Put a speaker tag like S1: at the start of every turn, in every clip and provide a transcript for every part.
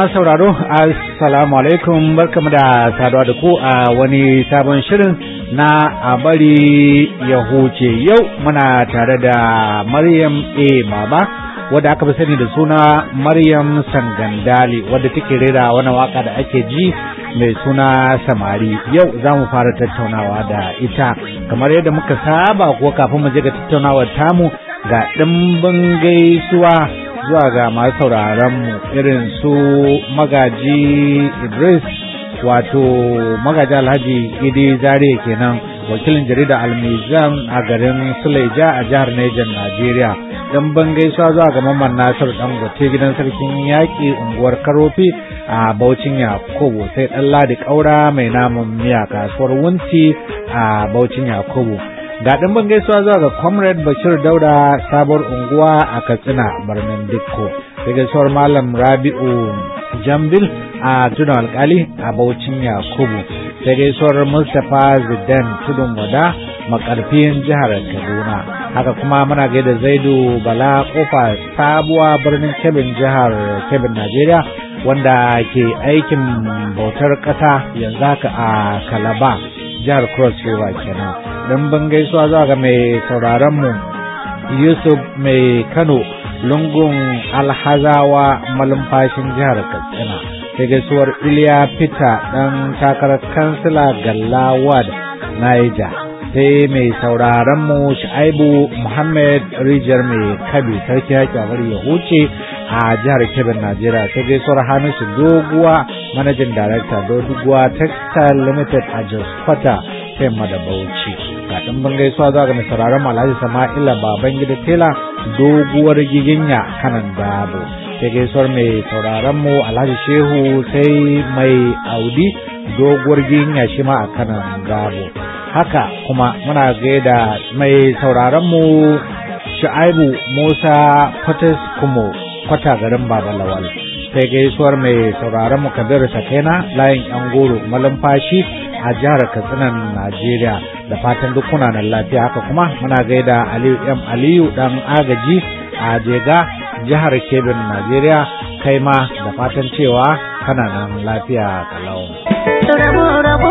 S1: masu sauraro assalamu alaikum barkamu da saduwa da ku a wani sabon shirin na a bari ya huce yau muna tare da maryam a baba wadda aka fi sani da suna maryam sangandali wadda take rera wani waka da ake ji mai suna samari yau za mu fara tattaunawa da ita kamar yadda muka saba kuwa kafin mu je ga tattaunawar tamu ga ɗimbin gaisuwa zuwa ga masu sauraron mu irin su magaji Idris wato magaji Alhaji Idi Zariya kenan wakilin jarida Almizan a garin Suleja a jihar Niger Najeriya Don ban gaisuwa zuwa ga Mamman Nasiru gote gidan sarkin yaƙi unguwar Karofi a Baucin Yakobo sai dan Ladi ƙaura mai namun miya kasuwar Wunti a Baucin Yakobo. ga ban gaisuwa zuwa ga comrade bashir dauda sabuwar unguwa a katsina birnin dikko da gaisuwar malam rabi'u jambil a tunan alkali a baucin yakubu da gaisuwar mustapha zidan tudun wada makarfin jihar kaduna haka kuma muna gaida zaidu bala kofa sabuwa birnin kebin jihar kebin najeriya wanda ke aikin bautar ƙasa yanzu haka a kalaba jihar cross river kenan ban gaisuwa zuwa ga mai sauraronmu yusuf mai kano lungun alhazawa malumfashin jihar katsina da gaisuwar iliya fita ɗan takarar kansila Ward, naija sai mai mu shaibu muhammad rijiyar mai kabi sarki haƙi bari ya huce a jihar kebbi najeriya ta gaisuwar hamisu doguwa manajan darakta doguwa textile limited a jos ta yamma da bauchi ga ɗimbin gaisuwa za ga mai alhaji sama'ila baban gida tela doguwar giginya kanan dabo sai gaisuwar mai sauraron mu alhaji shehu sai mai audi doguwar giginya shi ma a kanan dabo haka kuma muna gaida mai sauraron mu Shu'aibu Musa Fatis Kumo kwata garin Baba Lawal. Sai gaisuwar mai sauraron mu Kabiru Sakena layin yan goro malumfashi a jihar katsinan najeriya da fatan duk kunanan lafiya haka kuma muna gaida aliyu m aliyu dan agaji a jega jihar kebin najeriya kai ma da fatan cewa kana nan lafiya kalau
S2: rabo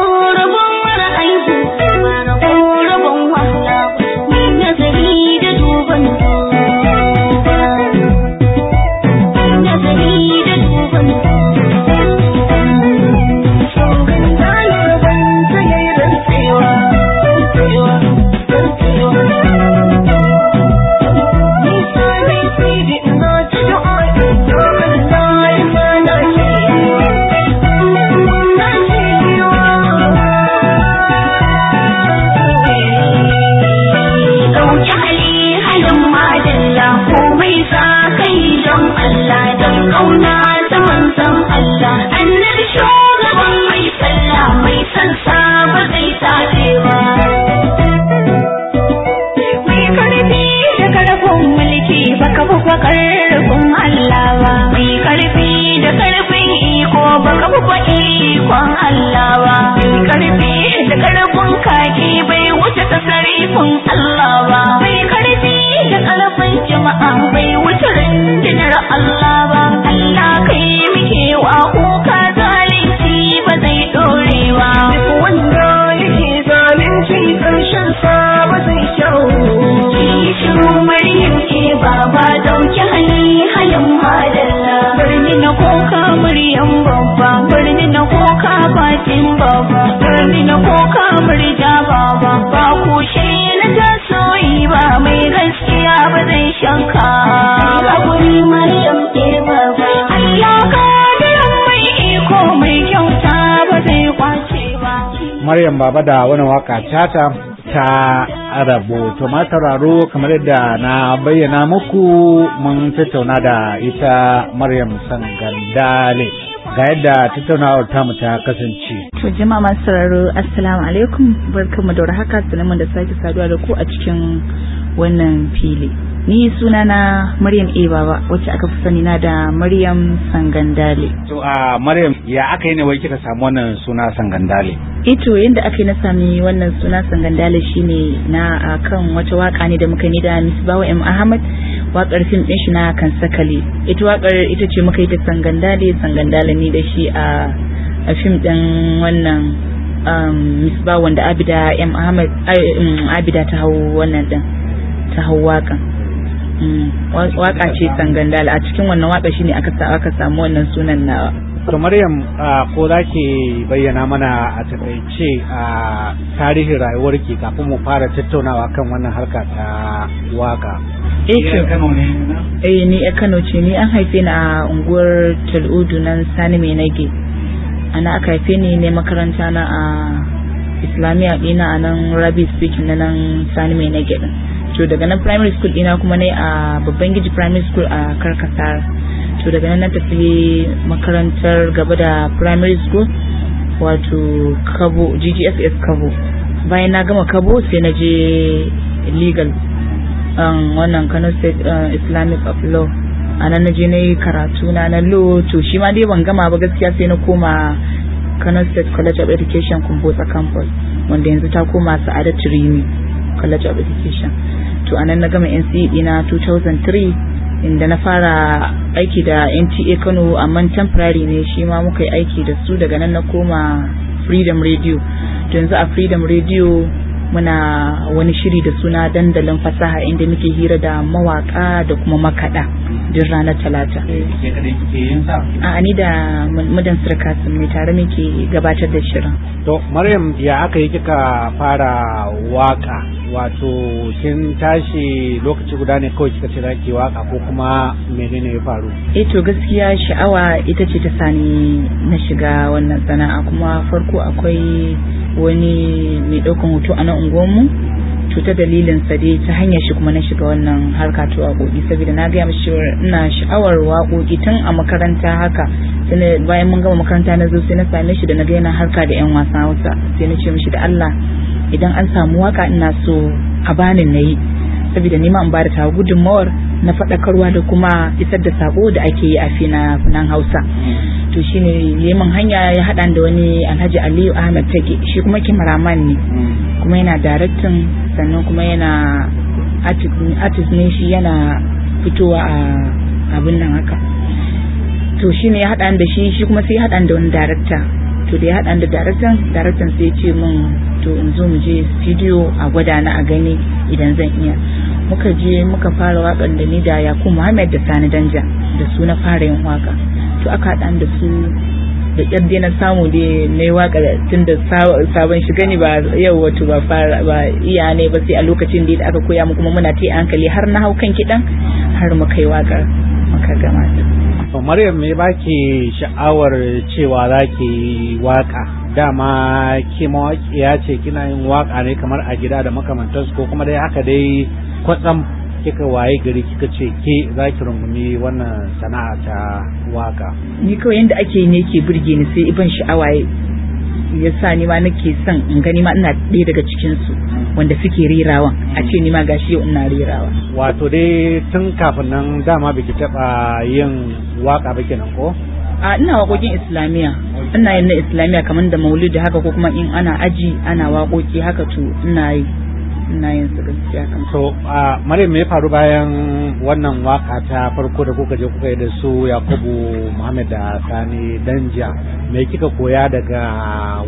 S2: koka muryan babba birni na koka bakin babba birni na koka murja babba ba ku shi na tasoyi ba mai gaskiya ba zai shanka ba guri maryam ke babba. Allah ka mai iko mai kyauta ba zai kwace ba
S1: Maryam baba da wani waka tata ta arabu To ma kamar yadda na bayyana muku mun tattauna da ita Maryam Sangandale. Ga yadda tattaunawar tamu ta kasance.
S3: To jima masu sauraro Assalamu alaikum barkamu da warhaka sanarmu da sake saduwa da ku a cikin wannan fili. ni sunana Maryam A baba wacce aka fi sani na da Maryam Sangandale
S1: to a Maryam ya aka yi ne wai kika samu wannan suna Sangandale
S3: ito eh yadda aka yi na sami wannan suna Sangandale shine na kan wata waka ne da muka ni da bawa M Ahmad wakar fim din shi na kan Sakali ita wakar ita ce muka yi ta Sangandale Sangandale ni da shi a a fim din wannan um, bawa wanda Abida M Ahmad um, Abida ta hau wannan din ta hau wakan Mm. waka ce sangandala a cikin wannan waka shine aka samu wannan sunan nawa to maryam ko za ki bayyana mana a takaice a tarihin rayuwar ki kafin mu fara tattaunawa kan wannan harka ta waka eh ni eh, a kano ce ni an haife ni a unguwar tal'udu nan sani mai nage ana aka haife ni ne makaranta na a islamiyya dina a nan rabi speaking na nan sani mai nage din to daga nan primary school ina kuma ne a babban giji primary school a karkasar to daga nan na tafi makarantar gaba da primary school wato kabo ggss kabo bayan na gama kabo sai na je legal um, wannan kano state um, islamic of law a nan na je na yi karatu na na law to shi ma dai ban gama ba gaskiya sai na koma kano state college of education kumbotsa campus wanda yanzu ta koma sa'adar rini college of education to anan na gama nce na 2003 inda na fara aiki da nta kano amma temporary ne shi ma muka yi aiki da su daga nan na koma freedom radio yanzu a freedom radio muna wani shiri da suna dandalin fasaha inda muke hira da mawaka da kuma makada duk ranar talata a ni da mudan sirka sun mai tare muke gabatar da shirin to maryam ya aka yi kika fara
S1: waka wato kin tashi lokaci guda ne kawai kika ce zaki waka ko kuma menene ya faru
S3: E, to gaskiya sha'awa ita ce ta sani na shiga wannan sana'a kuma farko akwai wani mai ɗaukan hoto a na unguwanmu cuta dalilin sa dai ta hanyar shi kuma na shiga wannan harka ta waƙoƙi saboda na gaya mishi ina sha'awar waƙoƙi tun a makaranta haka sai bayan mun gama makaranta na zo sai na same shi da na ga yana harka da yan wasa hausa sai na ce mishi da Allah idan an samu waka ina so a bani nayi saboda ni ma in ba da ta gudunmawar na faɗakarwa da kuma isar da sako da ake yi a fina-finan hausa to shi ne neman hanya ya haɗa da wani alhaji aliyu ahmed tage shi kuma kimaraman ne kuma yana daraktin sannan kuma yana artist ne shi yana fitowa a abin nan haka to shi ne ya haɗa da shi shi kuma sai ya haɗa da wani darakta to da ya haɗa da daraktan daraktan sai ce min to in zo mu je studio a gwada na a gani idan zan iya muka je muka fara wakan da ni da yakubu muhammad da sani danja da su na fara yin waka to aka haɗa da su da kyar dai na samu dai na yi waka tun da sabon shiga ne ba yau wato ba fara ba iya ne ba sai a lokacin da aka koya mu kuma muna ta hankali har na hau kan kiɗan har mu kai wakar muka gama
S1: Maryam me baki sha'awar cewa za ki waka dama ke mawaƙiya ce kina yin waka ne kamar a gida da makamantansu ko kuma dai haka dai kwatsam kika waye gari kika ce ke za ki rungumi wannan sana'a ta waka.
S3: Ni kawai yadda ake ne ke burge ni sai iban sha'awa ya sa ni ma nake son in gani ma ina ɗaya daga cikin su wanda suke rerawan a ce ni ma gashi yau ina rerawa
S1: wato dai tun kafin
S3: nan dama biki taba yin waka ba kenan ko a ina waƙoƙin islamiya ina yin na islamiya kamar da maulidi haka ko kuma in ana aji ana waƙoƙi haka to ina yi ina yin su gaskiya kan so a maryam me ya faru bayan wannan
S1: waka ta farko da kuka je kuka yi da su yakubu muhammad da sani danja me kika koya daga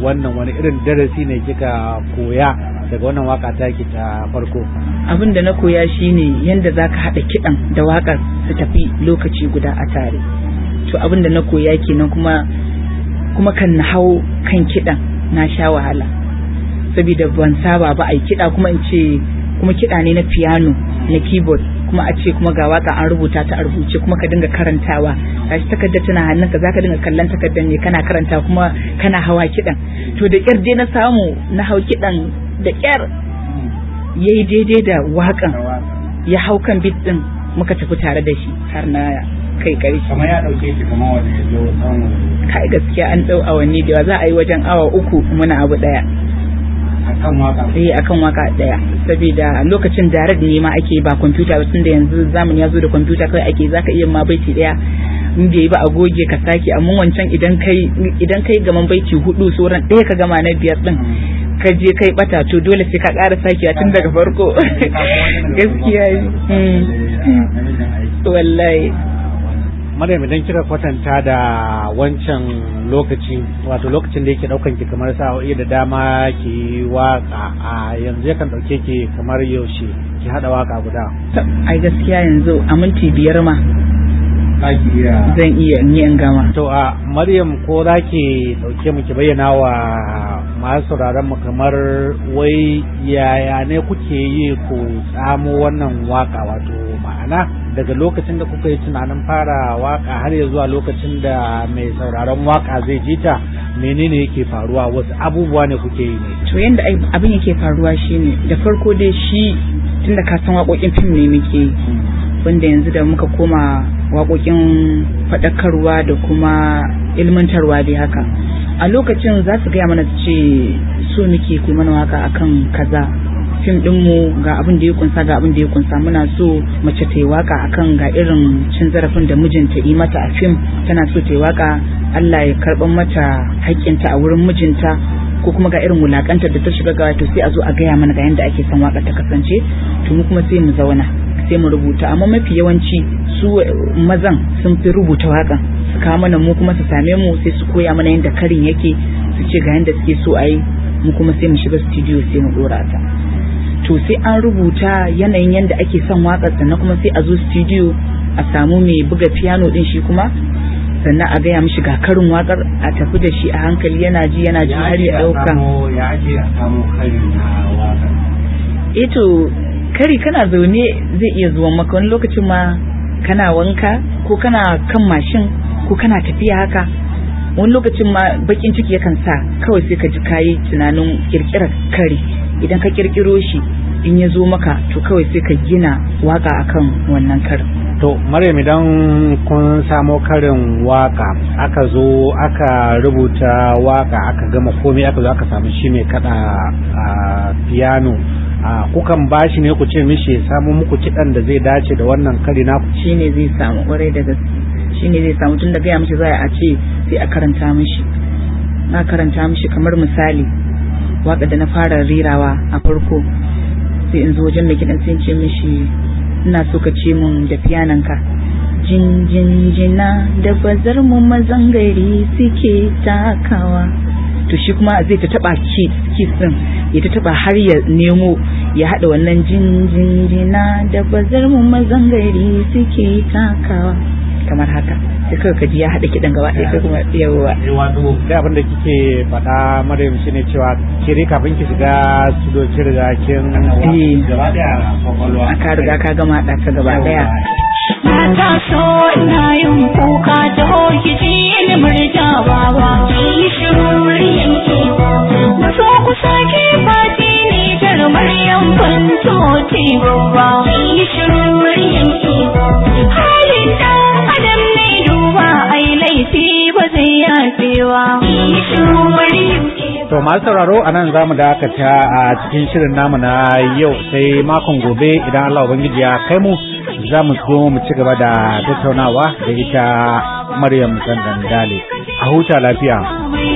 S1: wannan wani irin darasi ne kika koya daga
S3: wannan waka ta ki ta farko abin da na koya shine yanda zaka haɗa kiɗan da wakar su tafi lokaci guda a tare to abin da na koya kenan kuma kan na hau kan kiɗan na sha wahala saboda ban saba ba a yi kiɗa kuma in ce kuma kiɗa ne na piano na keyboard kuma a ce kuma ga waka an rubuta ta a rubuce kuma ka dinga karantawa shi takarda tana hannunka ka dinga kallon takardar ne kana karanta kuma kana hawa kiɗan to da kyar dai na samu na hau kiɗan da kyar yi daidai da wakan ya hau kan bit ɗin muka tafi tare da shi har na kai karshe kamar ya dauke shi kamar wani ya zo samu kai gaskiya an dau awanni da za a yi wajen awa uku muna abu ɗaya. eh akan waka daya saboda lokacin direct ne ma ake ba kwamfuta ba tunda yanzu zamani ya zo da kwamfuta kawai ake zaka iya ma baiti daya in bai ba a goge ka sake amma wancan idan kai idan kai gaman baiti hudu sauran ɗaya ka gama na biyar din ka je kai bata to dole sai ka ƙara a tun daga farko gaskiya hmm.
S1: wallahi Maryam idan kika kwatanta da wancan lokaci wato lokacin da yake daukan ki kamar sa'o'i da dama ki waka a
S3: yanzu yakan dauke ki kamar yaushe ki hada waka guda ai gaskiya yanzu a minti biyar ma zan iya ni in gama to a Maryam ko za
S1: ki dauke mu ki bayyana wa masu sauraron mu kamar wai yaya ne kuke yi ku tsamo wannan waka wato ma'ana daga lokacin da kuka yi tunanin fara waka har ya zuwa lokacin da mai sauraron waka zai
S3: ji ta menene yake faruwa wasu abubuwa ne kuke yi ne to yanda abin yake faruwa shine da farko dai shi tunda ka san waƙoƙin fim ne muke hmm. wanda yanzu da muka koma waƙoƙin faɗakarwa da kuma ilmantarwa dai haka a lokacin za su gaya mana ce so muke ku mana waka akan kaza fim dinmu ga abin da ya kunsa ga abin da ya kunsa muna so mace ta yi waka akan ga irin cin zarafin da mijinta yi mata a fim tana so ta yi waka Allah ya karban mata haƙƙinta a wurin mijinta ko kuma ga irin wulakantar da ta shiga ga wato sai a zo a gaya mana ga yadda ake son waka ta kasance to mu kuma sai mu zauna sai mu rubuta amma mafi yawanci su mazan sun fi rubuta waka su kawo mana mu kuma su same mu sai su koya mana yadda karin yake su ce ga yadda suke so a yi mu kuma sai mu shiga studio sai mu dora ta to sai an rubuta yanayin yadda ake son waƙar sannan kuma sai a zo studio a samu mai buga piano din shi kuma sannan a gaya mishi ga karin waƙar a tafi da shi a hankali yana ji yana ji har ya ɗauka eto eh kari kana zaune zai iya zuwa maka wani lokacin ma kana wanka ko kana kan mashin ko kana tafiya haka wani lokacin ma bakin ciki yakan sa kawai sai ka ji kayi tunanin kirkirar kare idan ka kirkiro shi in ya zo maka to kawai sai ka gina waka akan wannan karin
S1: to maryam idan kun samo karin waka aka zo aka rubuta waka aka gama komai aka zo aka samu shi mai kada a piano a kukan bashi ne ku ce mishi ya samu muku kidan da zai dace da wannan kari na ku
S3: ne zai samu kwarai da gaske shine zai samu tun da gaya mishi za a ce sai a karanta mishi na karanta mishi kamar misali waka da na fara rirawa a farko sai in zo wajen mai kiɗan sai ce mishi ina so ka ce mun da fiyananka jina da bazar mu mazan gari suke takawa to shi kuma zai ta taba ya ta taba har ya nemo ya hada wannan Jinjijina da bazar mu mazan gari suke takawa kamar haka sai kawai ka ji ya haɗa kiɗan gaba ɗaya kuma yawa eh,
S1: da abin da kike faɗa maryam ne cewa kiri kafin ki shiga studio ki riga
S3: kin eh. gaba ɗaya ka riga ka gama ɗaka gaba ɗaya ta so ina yin kuka da
S2: ki ji ni murja wawa ki shiru yanke na so ku sake fati ni jar maryam ban so ce babba ki shiru yanke halin da idan mai duba ai laifi ba zai
S1: to masu sauraro a nan za mu dakata a cikin shirin namu na yau sai makon gobe idan Allah Ubangiji ya kai mu za mu zo mu ci gaba da tattaunawa da ita Maryam Sandan Dale a huta lafiya
S2: mai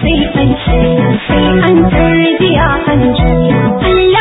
S2: से अंजलि से अंतर दिया अंजलि